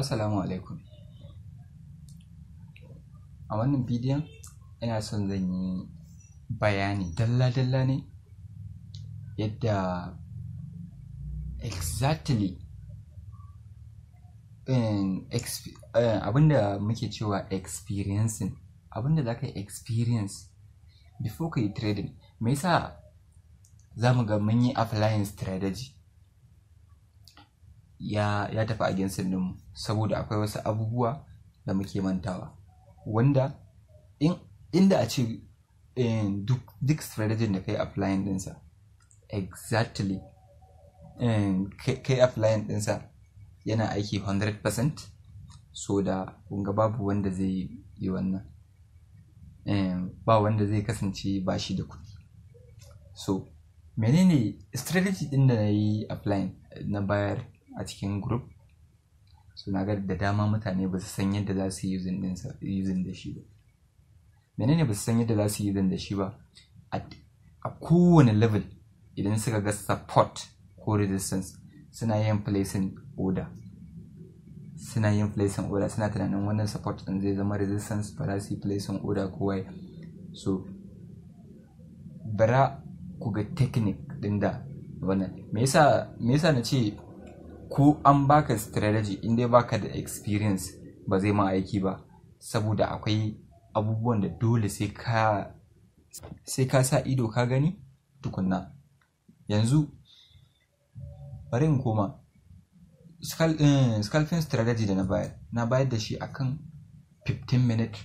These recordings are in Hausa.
Assalamu alaikum. A wannan bidiyon ina son zan yi bayani dalla-dalla ne yadda exactly um, um, abinda muke cewa experiencing abinda za ka yi experience before ka yi trading me yasa za mu ga mun yi appliance strategy ya ya tafi a gensin nan saboda akwai wasu abubuwa da muke mantawa wanda in inda a ce eh, duk duk strategy da kai applying dinsa exactly eh, kai applying dinsa yana aiki 100% so da ga babu wanda zai yi wannan eh, ba wanda zai kasance ba shi da kuɗi so menene strategy din da na yi applying na bayar a cikin group so na ga da dama mutane ba su san yadda za su yi using da shi ba menene ba su san yadda za su yi using da shi ba a kowane level idan suka ga support ko resistance suna yin placing order suna yin placing order suna tunanin wannan support din zai zama resistance ba za su yi placing order ko wai so bara ku ga technique din da wannan me yasa me yasa na ce ko an baka strategy in dai baka da experience ba zai ma aiki ba saboda akwai abubuwan da dole sai ka sa ido ka gani tukunna yanzu bari in koma eh, scalping strategy da na bayar na bayar da shi akan 15 minute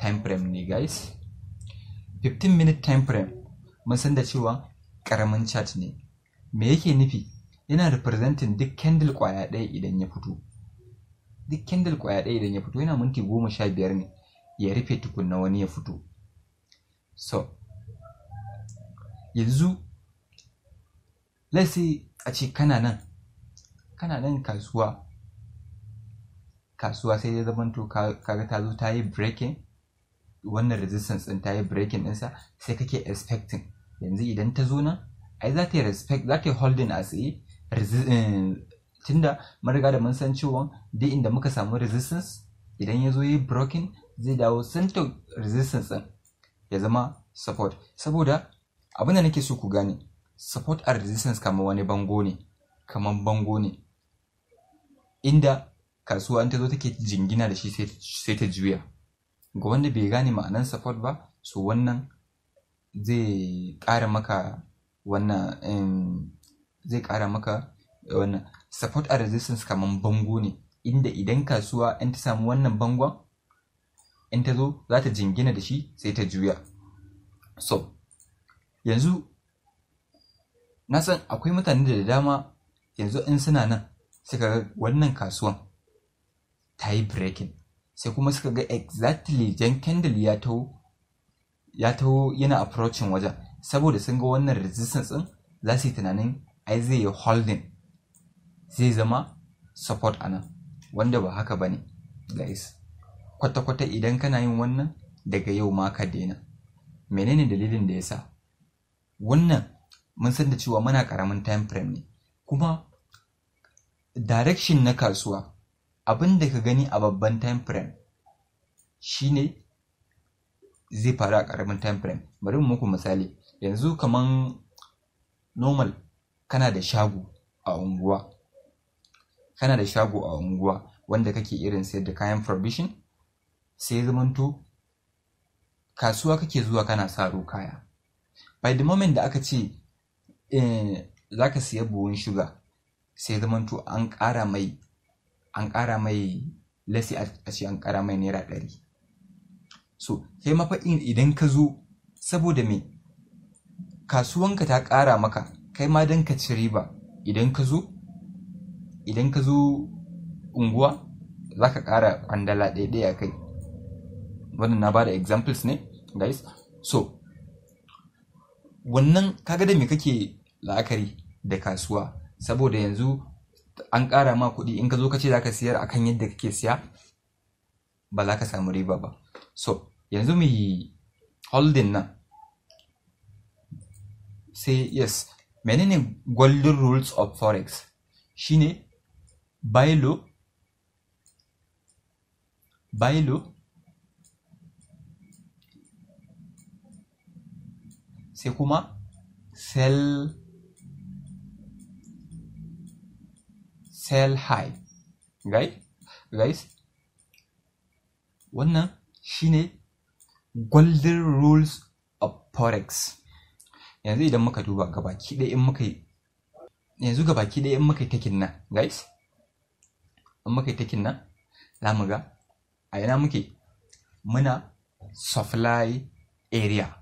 time frame ne guys 15 minute time frame mun san da cewa karamin chat ne me yake nufi yana representing duk candle kwaya ɗaya idan ya fito duk candle kwaya ɗaya idan ya fito yana minti goma sha biyar ne ya rufe tukunna wani ya fito so yanzu say a ce kana nan kana nan kasuwa kasuwa sai ya zamanto kaga ta zo ta yi breaking wannan resistance din ta yi breaking ɗinsa sai kake expecting yanzu idan ta zo nan ai za ta yi respect za ta yi holding a tsaye Eh, tunda mun riga da mun san cewa duk inda muka samu resistance idan ya zo yi broken zai dawo center resistance din ya zama support saboda abin da nake so ku gane support and resistance kamar wani bango ne kamar bango ne inda kasuwa ta zo take jingina da shi sai ta juya ga wanda bai gane ma'anan support ba so wannan zai ƙara maka wannan eh, zai ƙara maka eh, wannan support a resistance kaman bango ne inda idan kasuwa in ta samu wannan bangon in ta zo za ta jingina da shi sai ta juya so yanzu na san akwai mutane da dama yanzu in suna nan suka ga wannan kasuwan ta yi breaking sai kuma suka ga exactly jan candle ya taho ya taho yana approaching wajen saboda sun ga wannan resistance din za su yi tunanin ai zai yi holding zai zama support a nan wanda ba haka ba ne guys kwata-kwata idan kana yin wannan daga yau ma ka daina menene dalilin da ya sa wannan mun san da cewa muna karamin time frame ne kuma direction na kasuwa abin da ka gani a babban time frame shine zai faru a karamin time frame bari mu muku misali yanzu kaman normal kana da shago a unguwa kana da shago a unguwa wanda kake irin sayar da kayan provision sai zamanto kasuwa kake zuwa kana saro kaya by the moment da aka ce eh, za ka siya buhun shuga sai zamanto an ƙara mai an ƙara mai lasi a ce an ƙara mai naira ɗari so kai mafaɗin idan ka zo saboda me kasuwanka ta ƙara maka kai ma don ka ci riba idan ka zo idan ka zo unguwa za ka ƙara kwandala ɗaya a kai wannan na ba da examples ne guys so wannan kaga da me kake la'akari da kasuwa saboda yanzu an ƙara ma kuɗi in ka zo ka ce za ka siyar akan yadda kake siya ba za ka samu riba ba so yanzu mai holding nan sai yes menene golden rules of forex shine buy low buy low sai kuma sell sell high right guys wannan shine golden rules of forex yanzu idan muka duba gabaki ɗaya in muka yi yanzu gabaki ɗaya in muka yi takin nan guys in muka yi takin nan za mu ga a ina muke muna supply area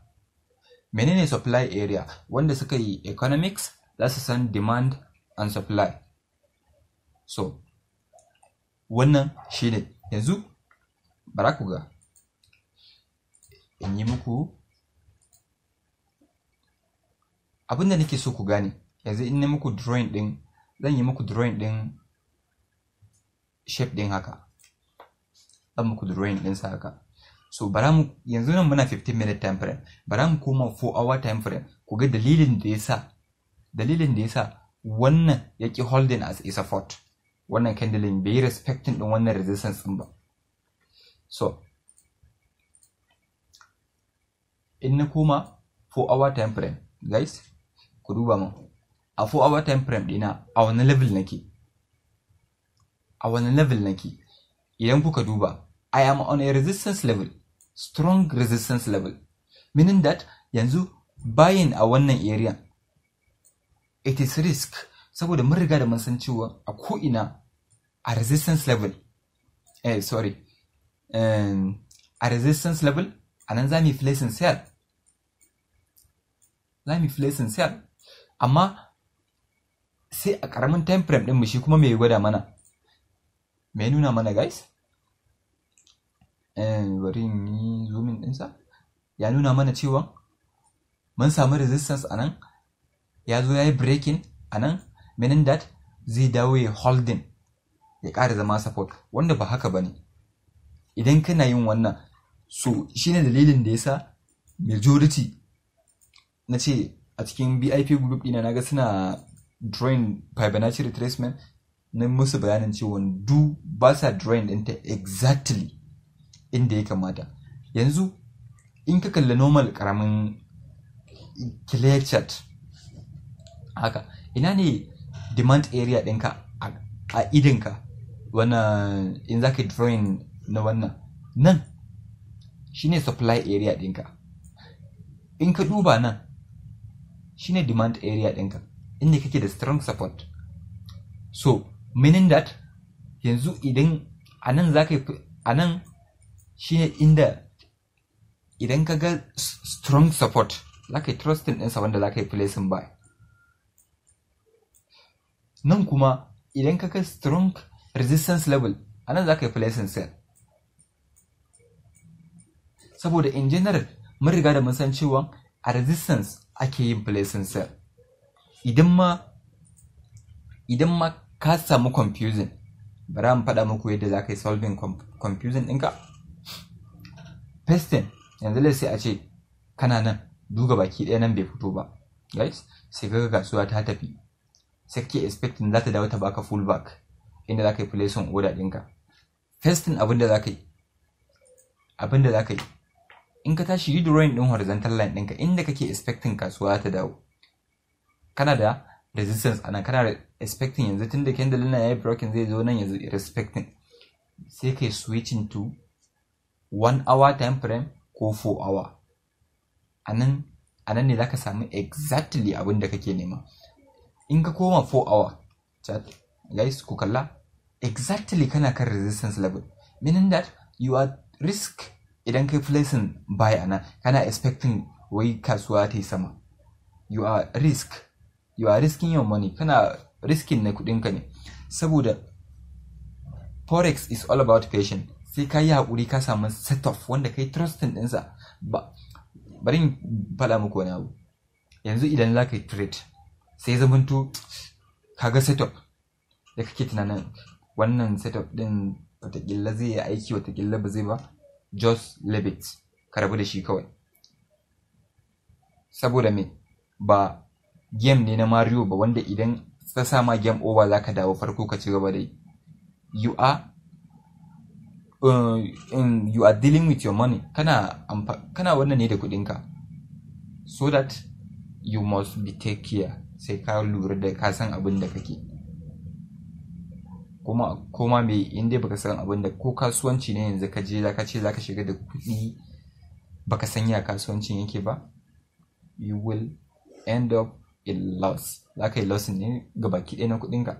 menene supply area wanda suka yi economics za su san demand and supply so wannan shine yanzu bara ku ga in yi muku abinda nake so ku gane yanzu in na muku drawing din zan yi muku drawing din shape din haka zan muku drawing din sa haka so bara mu yanzu nan muna 15 minute time frame bara mu koma 4 hour time frame ku ga dalilin da yasa dalilin da yasa wannan yake holding as a support wannan candle bai yi respecting din wannan resistance din ba so in na koma 4 hour time frame guys ku duba min a fo hour time frame dina a wani level nake a wani level nake idan kuka duba i am on a resistance level strong resistance level meaning that yanzu buying a wannan area it is risk saboda mun riga da mun san cewa a ko'ina a resistance level eh sorry um, a resistance level a nan za mu yi placing sell za mu yi placing sell amma sai a ƙaramin time frame ɗin mu shi kuma mai gwada mana mai nuna mana guys eh, bari yi zoomin ɗinsa ya nuna mana cewa mun samu resistance a nan ya zo ya yi breaking a nan meaning that zai dawo ya holding ya ƙara zama support wanda ba haka ba ne idan kana yin wannan so shine dalilin da yasa majority na ce a cikin bip group na naga suna drawing fibonacci retracement na musu bayanin cewa du ba sa drawing ɗinta exactly inda ya kamata yanzu in ka kalli normal karamin clear chart haka ina ne demand area ɗinka a idinka wannan in za ka drawing na wannan nan shine supply area ɗinka in ka duba nan shine demand area ɗinka inda kake da strong support so meaning that yanzu idan a nan za ka yi a nan shine inda idan ka ga strong support za ka yi trusting ɗinsa wanda za ka yi placing buy nan kuma idan ka ga strong resistance level a nan za ka yi placing sell saboda in general mun riga da mun san cewa a resistance ake yin sa idan ma idan ma ka samu confusion bara mu faɗa muku yadda za ka yi solving confusion ɗinka pestin yanzu lai sai a ce kana nan duga baki ɗaya nan bai fito ba guys sai ga kasuwa ta tafi sai kake expecting za ta dawo ta baka full back inda za ka yi placing order ɗinka abinda za ka yi abinda za ka yi in ka tashi yi drawing din horizontal line ɗinka inda kake expecting kasuwa ta dawo kana da resistance anan kana da expecting yanzu tun da candle na yayi broken zai zo nan yanzu respecting sai kai switching to 1 hour time frame ko 4 hour anan anan ne zaka samu exactly abin da kake nema in ka koma 4 hour chat guys ku kalla exactly kana kan resistance level meaning that you are risk idan kai placing buy a nan kana expecting wai kasuwa ta yi sama you are risk you are risking your money kana riskin na kudinka ne saboda forex is all about patience sai ka yi haƙuri ka samu set off wanda kai trusting ɗinsa ba bari in muku wani abu yanzu idan za ka yi trade sai zamanto ka ga set up da kake tunanin wannan set up ɗin watakila zai yi aiki watakila ba zai ba Jos Levitt ka rabu da shi kawai saboda me ba game ne na Mario ba wanda idan ta sama game over za ka dawo farko ka ci gaba da you are uh, in you are dealing with your money kana kana wannan ne da kudinka so that you must be take care sai ka lura da ka san abin da kake kuma koma me in dai baka san abin da ko kasuwanci ne yanzu ka je ka ce zaka shiga da kuɗi baka san ya kasuwancin yake ba you will end up in loss ka yi loss ne ga baki ɗaya na kuɗin ka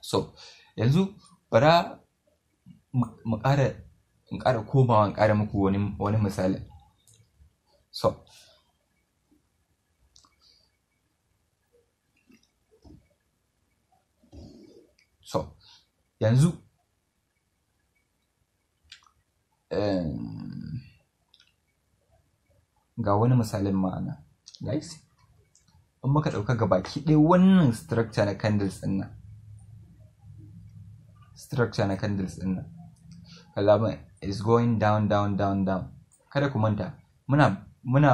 so yanzu bara mu ƙara in kara komawa in ƙara muku wani misali so yanzu ga wani misalin ma'ana guys in muka ɗauka gabaki ɗaya wannan structure na candles ɗin nan structure na candles ɗin nan kalamin is going down down down down kada ku manta muna muna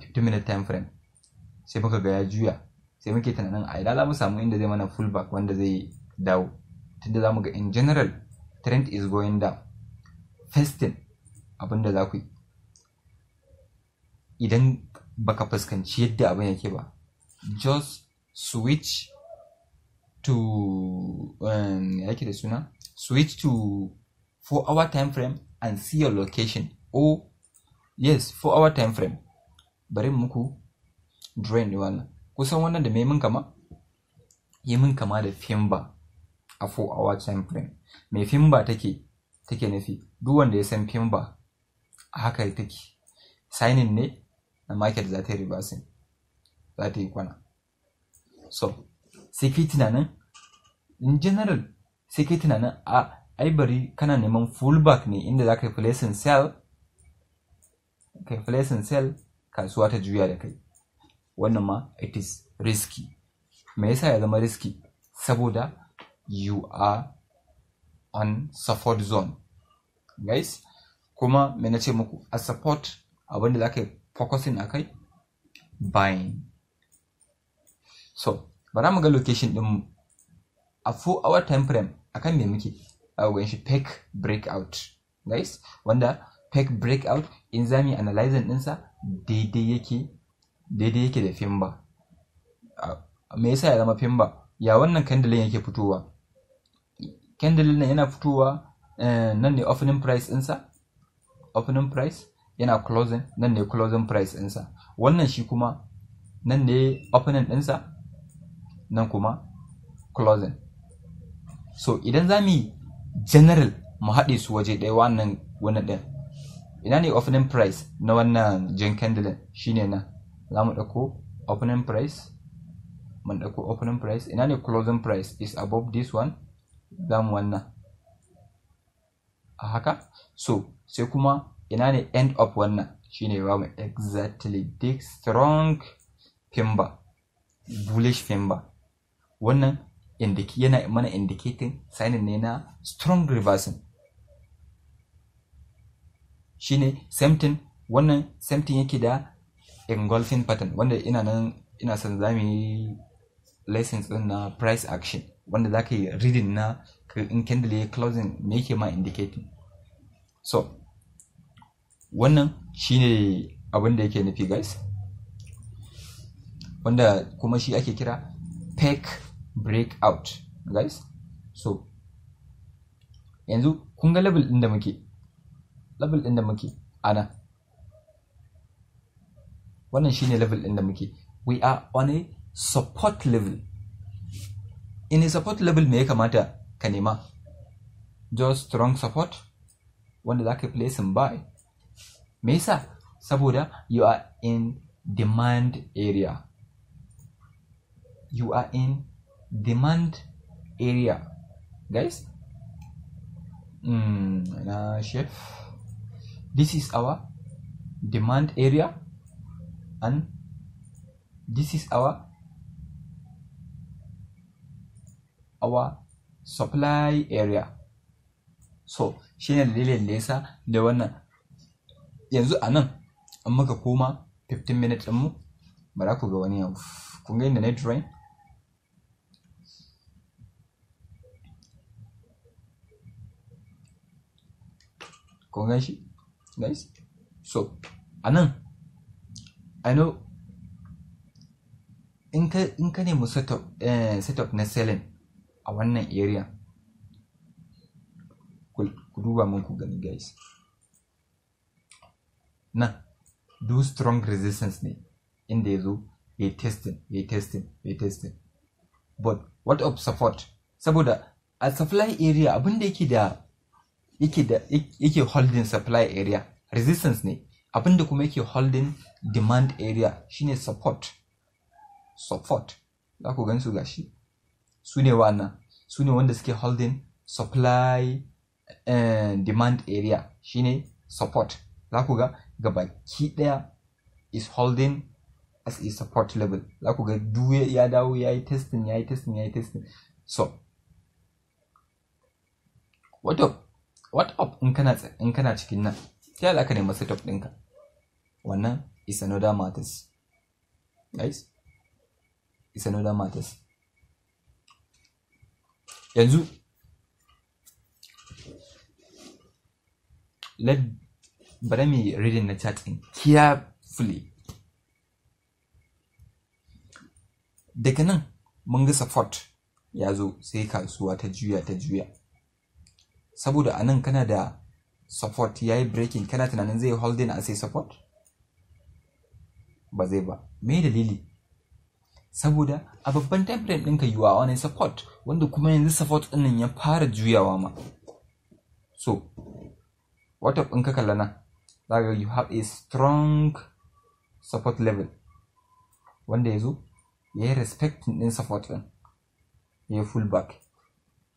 50 minute time frame sai muka ga ya juya sai muke tunanin a ila mu samu inda zai mana fullback wanda zai dawo tunda za mu ga in general trend is going down festin abinda za ku yi idan baka fuskanci yadda abin yake ba just switch to um, yake da suna switch to 4 hour time frame and see your location oh yes 4 hour time frame bari muku drain wannan kusan wannan da mai mun kama yi mun kama da fimba a 4 hour time frame me fimba take take nufi duk wanda ya san fimba a haka take signing ne na market za ta yi reversing za ta yi kwana so sai kai tunanin in general sai kai tunanin a aibari kana neman fullback ne inda za ka yi placing sell ka yi placing sell kasuwa ta juya da kai wannan ma it is risky me yasa ya zama risky saboda you are on support zone guys kuma me na ce muku a support abinda za ka yi focusing akai kai buying so bara mu ga location din a full hour time frame akan me muke a shi peak breakout guys wanda peak breakout in zami analyzing dinsa daidai yake daidai yake da fimba me yasa ya zama fimba ya wannan candle yake fitowa candle na yana fitowa eh, nan ne opening price ɗinsa opening price yana closing nan ne closing price ɗinsa wannan shi kuma nan ne opening ɗinsa nan kuma closing so idan za mu yi general mu haɗe su waje ɗaya wannan wani ɗin ina ne opening price na wannan jan candle ne nan za mu ɗauko opening price mun ɗauko opening price ina ne closing price is above this one za mu wannan a haka so sai kuma ina ne end of wannan shine ba mu exactly dig strong pimba bullish pimba wannan yana mana indicating signin ne na strong reversing shine same thing wannan same thing yake da engulfing pattern wanda ina nan ina son zamu yi lessons din na price action wanda za ka yi reading na in candle ya closing me yake ma indicating so wannan shi ne da yake nufi guys wanda kuma shi ake kira peg breakout guys so yanzu kun ga level din da muke level din da muke ana wannan shi ne level din da muke we are on a support level in a support level me ya kamata ka nema just strong support wanda za ka yi placing by me yasa saboda you are in demand area you are in demand area guys mm, uh, chef this is our demand area and this is our our supply area so shi ne dalilin da yasa da wannan yanzu a nan an muka koma 15 minutes ɗinmu ba za ku ga wani yau kun ga inda na drawing kun gan shi nice so a nan i know in ka nemi eh, setup na selling a wannan area ku duba mun ku gani guys na do strong resistance ne inda ya zo ya yi testing ya yi testing ya yi testing but what of support saboda a supply area abinda yake da yake da yake holding supply area resistance ne abinda kuma yake holding demand area shine support support za ku gani su gashi su ne wannan su ne wanda suke holding supply and demand area shine support za ku ga gabaki daya is holding as a support level za ku ga duwe ya dawo ya yi testing ya yi testing ya yi testing so what up what up in kana in kana cikin nan ta alaka ne masu top ɗinka wannan is another matters guys is another matters yanzu let bari mi reading na chat in. carefully daga nan mun ga support ya zo sai kasuwa ta juya ta juya saboda a anan kana da support ya yi breaking kana tunanin zai holding a sai support ba zai ba me dalili saboda a babban time ɗinka yi wa wani support wanda kuma yanzu support ɗinnan ya fara juyawa ma so wata in ka kalla nan zaka you have a strong support level wanda ya zo, ya yi respecting ɗin support ɗin ya yi full back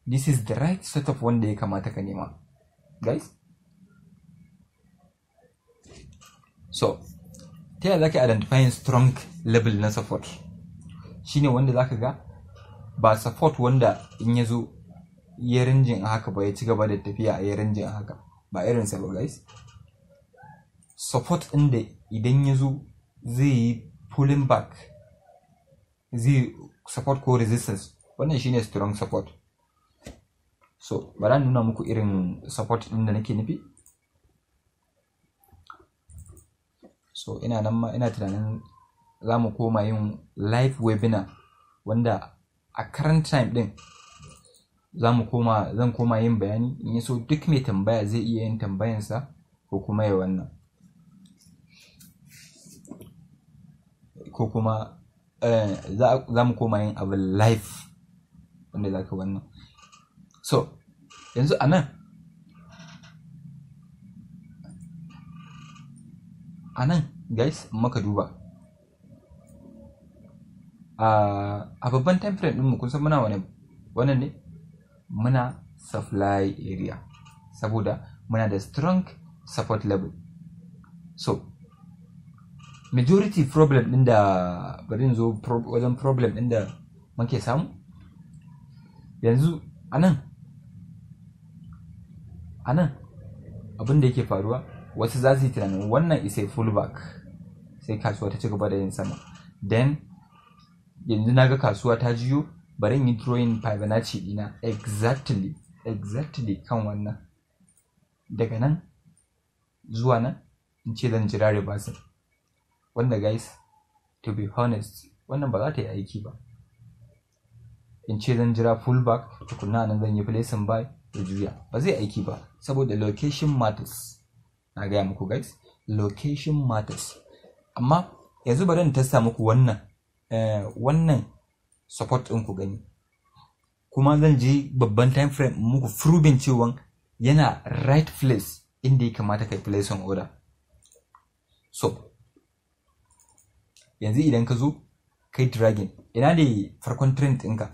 this is the right setup wanda ya kamata ka nema guys so ta yaya za ka identifying strong level na support shine wanda zaka ga ba support wanda in ya zo ya rinjin a haka ba ya ci gaba da tafiya a ya rinjin a haka ba irin sa ba guys support ɗin da idan ya zo zai yi pulling back zai support ko resistance wannan shine strong support so bara nuna muku irin support ɗin da nake nufi so ina nan ma ina tunanin za mu koma yin live webinar wanda a current time din za mu koma zan koma yin bayani in yi so duk mai tambaya zai iya yin tambayansa ko kuma ya wannan ko kuma eh, za mu koma yin abin live wanda za ka wannan so yanzu a nan a nan guys maka duba a babban time frame ɗinmu kun muna wani wannan ne muna supply area saboda muna da strong support level so majority problem ɗin da bari zo wajen problem ɗin da muke samu yanzu a nan abin da yake faruwa wasu za su yi tunanin wannan isai fullback sai kasuwa ta ci gaba da yin sama then yanzu na ga kasuwa ta jiyo bari in yi drawing fibonacci dina exactly exactly kan wannan daga nan zuwa nan in ce zan jira reversal wanda guys to be honest wannan ba za ta yi aiki ba in ce zan jira fullback tukuna nan zan yi placing by da juya ba zai aiki ba saboda location matters na gaya muku guys location matters amma yanzu bari in testa muku wannan Eh, wannan support ɗin ku gani kuma zan je babban time frame muku proving cewa yana right place inda ya kamata kai place on order so yanzu idan ka zo kai dragon ina da farkon trend ɗinka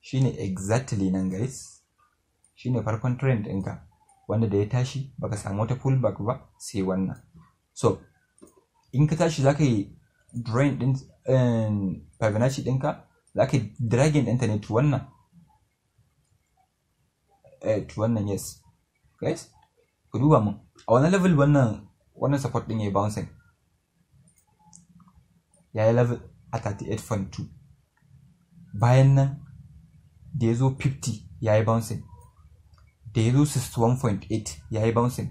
shine exactly nan guys shine farkon trend ɗinka wanda da ya tashi baka samu wata pullback ba sai wannan so in ka tashi za ka yi drain din Ehm, fibonacci ɗinka za ka yi dragging ɗinta ne to wannan eh, to wannan yes guys ku duba mun a wani level wannan wannan support ɗin ya yi bouncing ya yi level a 38.2 bayan nan da ya zo 50 ya yi bouncing da ya zo 61.8 ya yi bouncing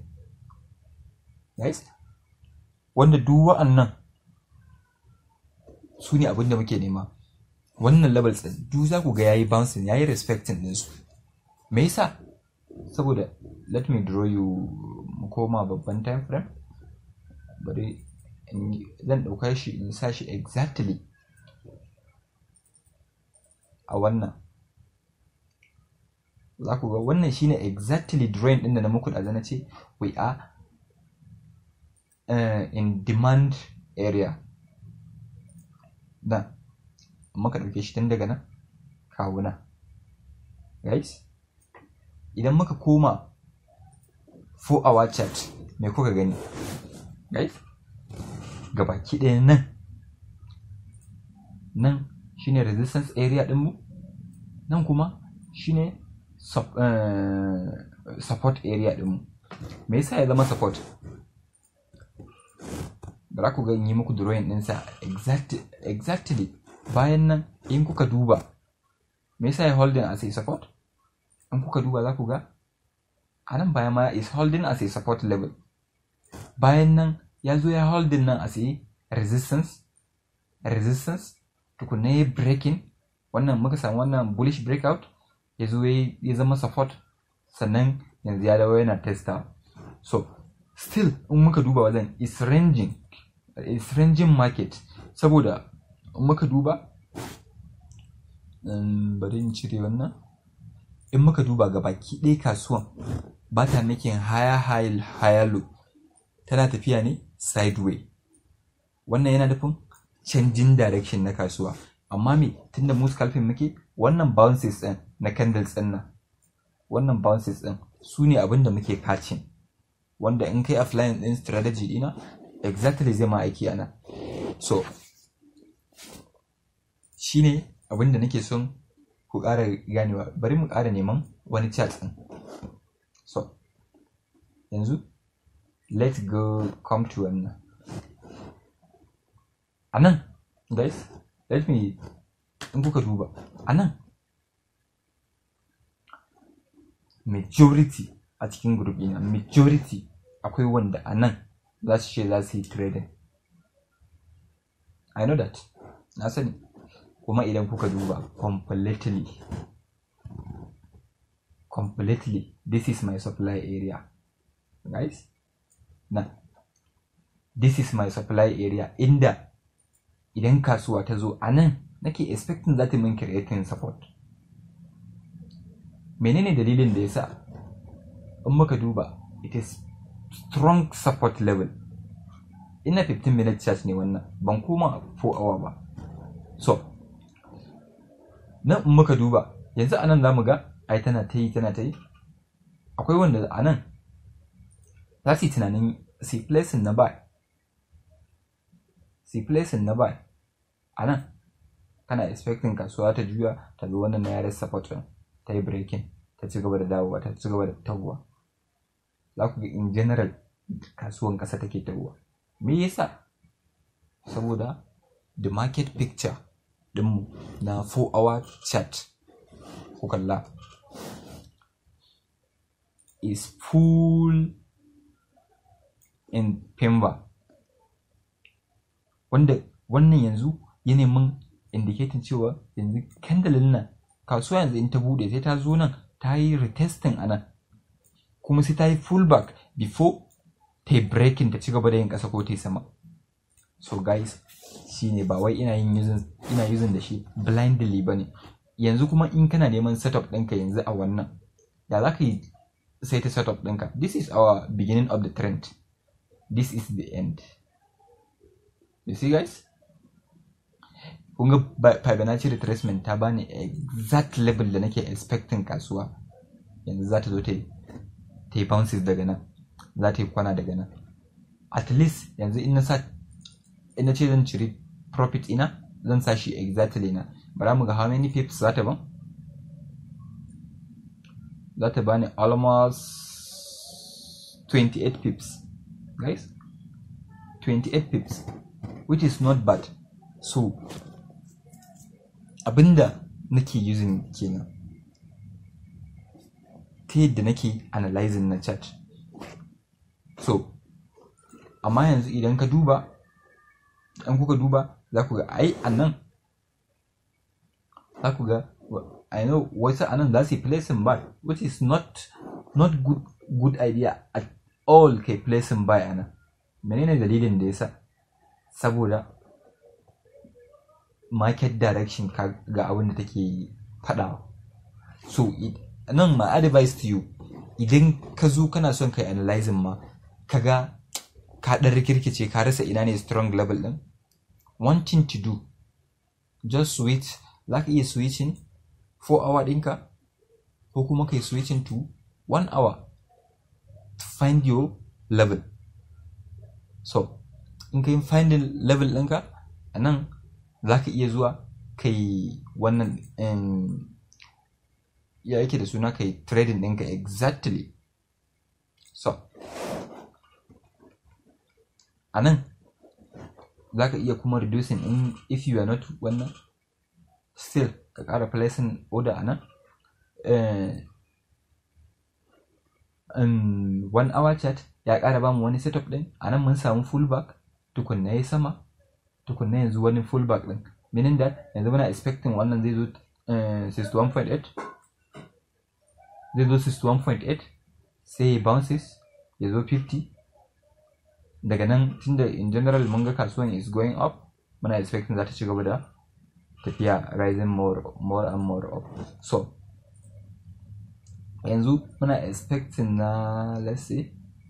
guys wanda duk wa'annan su ne abin da muke nema wannan labar din duk za ku ga yayi bouncing yayi respecting din su me yasa saboda let me draw you mu koma babban time frame bari zan ɗauka shi in sa shi exactly a wannan za ku ga wannan shine exactly drain ɗin da na muku da na ce we are uh, in demand area amma ka ɗauke shi tun daga nan kawo nan right idan muka koma 4 our chat me kuka gani right gabaki ɗaya nan nan shine resistance area ɗinmu nan kuma shine eh, support area ɗinmu me yasa ya zama support bara ku ga yi muku drawing ɗinsa exactly bayan nan in kuka duba me yasa ya holding as a support in kuka duba za ku ga a nan bayan ma is holding as a support level bayan nan ya zo ya holding nan as a resistance resistance tukuna ya breaking wannan muka samu wannan bullish breakout ya zo ya zama support sannan yanzu ya dawo yana testa so still in muka duba wajen is ranging stringent market saboda muka duba um, bari in cire wannan in muka duba ga baki ɗaya kasuwan ba ta making haya high low tana tafiya ne sideway wannan yana nufin canjin direction na kasuwa amma me tunda mu scalping muke wannan bounces din na candles din nan wannan bounces din su ne abin muke catching wanda in kai offline din strategy dina exactly zai ma aiki ana so shine abinda nake son ku ƙara ganewa bari mu ƙara neman wani chat ɗin so yanzu let's go come to an a guys let me in kuka duba a majority a cikin group ina majority akwai wanda a nan za su ce za su yi trading i know that na sani kuma idan kuka duba completely completely this is my supply area guys na this is my supply area inda idan kasuwa ta zo a nan nake expecting za ta min creating support menene dalilin da yasa in muka duba it is strong support level ina 15 minute charge ne wannan ban koma 4 hour ba so nan in muka duba yanzu anan zamu ga ai tana ta yi tana ta yi akwai wanda anan za su yi tunanin si place na ba si place na ba anan kana expecting kasuwa ta juya ta zo wannan na yare support ta yi breaking ta ci gaba da dawowa ta ci gaba da taguwa za ku ga in general kasuwan ƙasa take tahowa me yasa saboda the market picture dinmu na 4 hour chart ku kalla is full in pemba wanda wannan yanzu ya neman indiketin cewa yanzu candle nan kasuwa yanzu in ta bude sai ta zo nan ta yi retesting a nan kuma sai ta yi fullback before ta yi breaking ta ci gaba da yin ƙasa ko ta yi sama so guys shi ne ba wai ina yin using ina using da shi blindly ba ne yanzu kuma in kana neman setup ɗinka yanzu a wannan da za ka yi sai ta setup ɗinka this is our beginning of the trend this is the end you see guys kun ga fibonacci retracement ta bani exact level da nake expecting kasuwa yanzu za ta zo ta yi ta yi bounces daga nan za ta yi kwana daga nan at least yanzu in na sa in na ce zan ciri profit ina zan sa shi exactly na za mu ga how many pips za ta ban za ta bani almost 28 pips guys 28 pips which is not bad so abinda nake using kenan ta yadda nake analyzing na chart so amma yanzu idan ka duba an kuka duba za ku ga ai a nan za ku ga i know wasu a nan za su yi in buy which is not not good good idea at all kai in buy a nan menene dalilin da yasa saboda market direction ga abin da take faɗawa so nan ma advice to you idan ka zo kana son kai analyzing ma ga ka dan rikirkice ka rasa ina ne strong level din wanting to do just switch za ka iya switching 4 hour ɗinka ko kuma kai switching to one hour to find your level so in ka yi finding level ɗinka a nan iya zuwa kai wannan um, ya yake da suna ka yi trading ɗinka exactly so a nan za ka iya kuma reducing in if you are not wannan still ka ƙara placing order a nan eh, in one hour chat ya ƙara bamu wani setup ɗin a nan mun samu fullback tukunna ya sama tukunna yanzu wani fullback ɗin meaning that yanzu muna expecting wannan zai zo 61.8 eh, then this 61.8 1.8 say bounces ya zo 50 daga nan tunda in general mun ga kasuwan is going up muna expecting za ta ci gaba da tafiya rising more more and more up so yanzu muna expecting na uh, let's say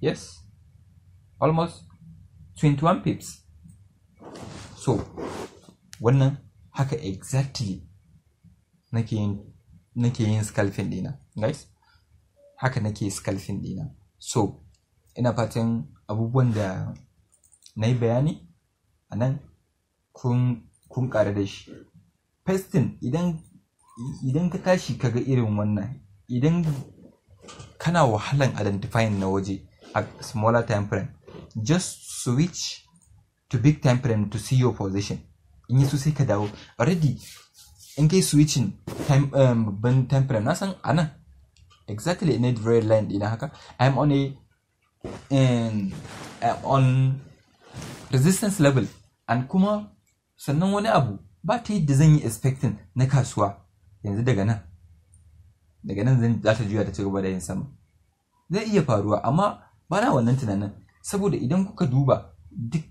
yes almost 21 pips so wannan haka exactly nake yin scalping dina guys haka nake scalping dina so ina fatan abubuwan da na yi bayani a nan kun ƙara da shi fasting idan ka tashi kaga irin wannan idan kana wahalan identifying na waje a smaller time frame just switch to big time frame to see your position in yi su sai ka dawo already in kai switching time, um, time frame na san anan exactly in very line ɗina haka I'm on a in, um, I'm on resistance level and kuma sannan wani abu ba ta yadda zan yi expecting na kasuwa yanzu daga nan daga nan zan za ta juya ta ci gaba da yin sama zai iya faruwa amma ba na wannan tunanin saboda idan kuka duba duk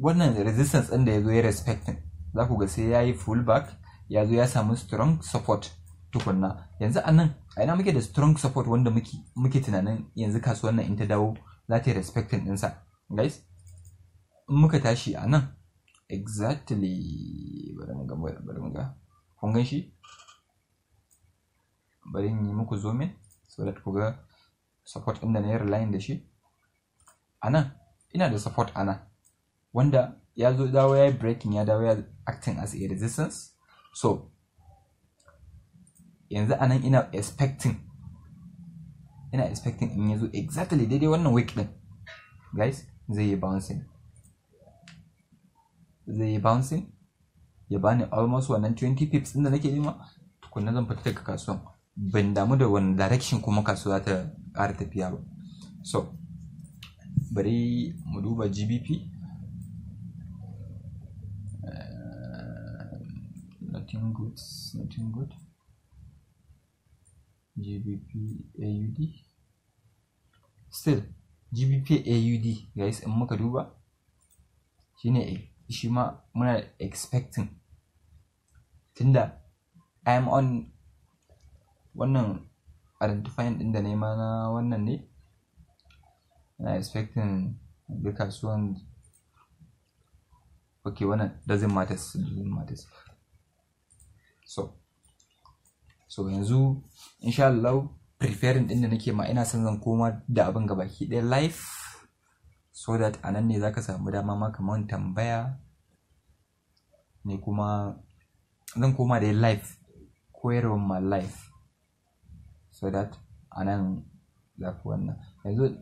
wannan resistance ɗin da ya zo ya respecting za ku ga sai ya yi fullback ya zo ya samu strong support tukunna yanzu a nan a ina muke da strong support wanda muke tunanin yanzu kasuwar nan in ta dawo za ta yi respecting ɗinsa guys in muka tashi a nan exactly bari mu ga bari mu ga kun gan shi bari in yi muku zoom in so that ku ga support ɗin da na yi relying da shi a nan ina da support a nan wanda ya zo dawo ya yi breaking ya dawo ya acting as a resistance so yanzu anan ina expecting ina expecting in yazo exactly daidai wannan week din guys zai yi bouncing zai yi bouncing ya bani almost wannan 20 pips din da nake nema tukunna zan fita daga kasuwan ban damu da wani direction kuma kasuwa ta ƙara tafiya ba so bari mu duba gbp eh, nothing good nothing good gbp aud still aud guys in muka duba shine shi ma muna expecting tunda am on wannan identifying din da nema na wannan ne na expecting the kasuwan okay wannan doesn't matter doesn't matter so so yanzu insha Allah preferring din da nake ma ina son zan koma da abin gaba ki dai life so that a nan ne zaka samu dama ma kamar tambaya ne kuma zan koma da live koyarwar ma life so that a nan za ku wannan yanzu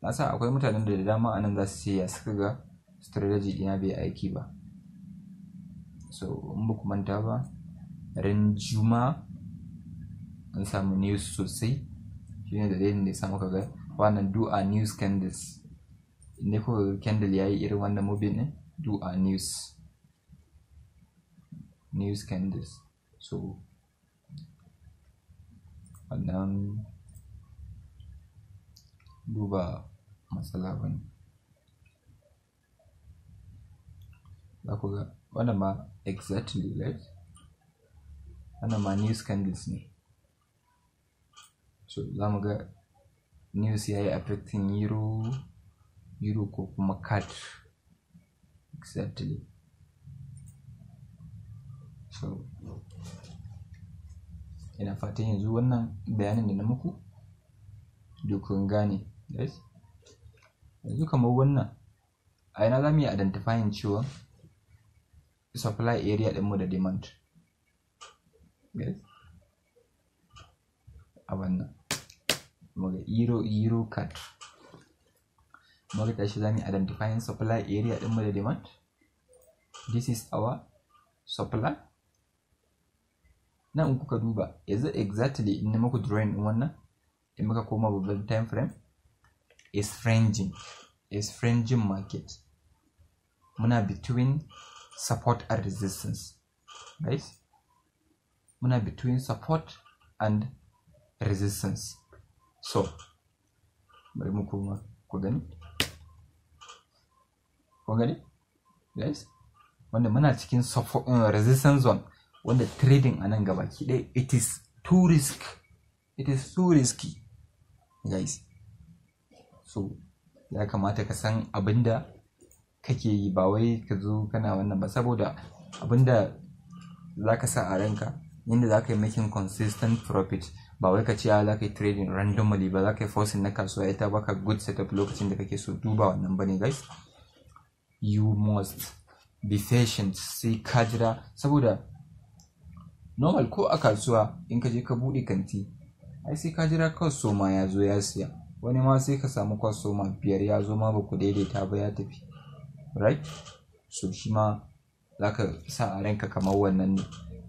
na sa akwai mutanen da dama a nan za su ce ya suka ga strategy dina bai aiki ba so in ba ku manta ba ran juma'a an samu news sosai shine da da ne samu kaga wannan do a news candles ne ko candle yayi irin wannan mobin ne do a news news candles so wannan duba matsala ba ne za ku ga wannan ma exactly right wannan ma news candles ne so za mu ga news ya yi affecting euro euro ko kuma cat exactly so ina fatan yanzu wannan bayanin da na muku dukun gane yes yanzu kamar wannan a yana za mu yi identifying cewa supply area mu da demand yes a wannan muga euro euro cut muga tashi zamu identify supply area din mu da demand this is our supply nan kuka duba yanzu exactly in muku drawing din wannan in muka koma babban time frame is ranging is ranging market muna between support and resistance guys muna between support and resistance so bari mu koma ku gani kun gani guys wanda muna cikin eh, resistance zone wanda trading a nan gaba ki ɗaya it is too risk it is too risky guys so ya kamata ka san abinda kake yi ba wai ka zo kana wannan ba saboda abinda za ka sa a ranka yadda za ka yi making consistent profit ba wai ka ce a za ka yi trading randomly ba za ka yi forcing na kasuwa ita ka good setup lokacin da kake so duba wannan bane guys you must be patient sai ka jira saboda normal ko a kasuwa in ka je ka buɗe kanti ai sai ka jira ma ya zo ya siya wani ma sai ka samu ma biyar ya zo ma ba ku daidaita ba ya tafi right so shi ma za ka sa a ranka kamar wannan ne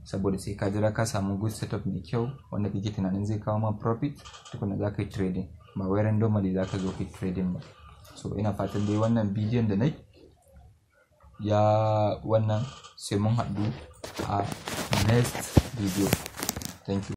saboda sai ka jira ka samu good setup mai kyau wanda kake tunanin zai kawo ma profit tukuna za ka yi trading ba wai randomly za ka zo ka yi trading ba so ina fatan dai wannan bidiyon da na ya wannan sai mun haɗu a next video thank you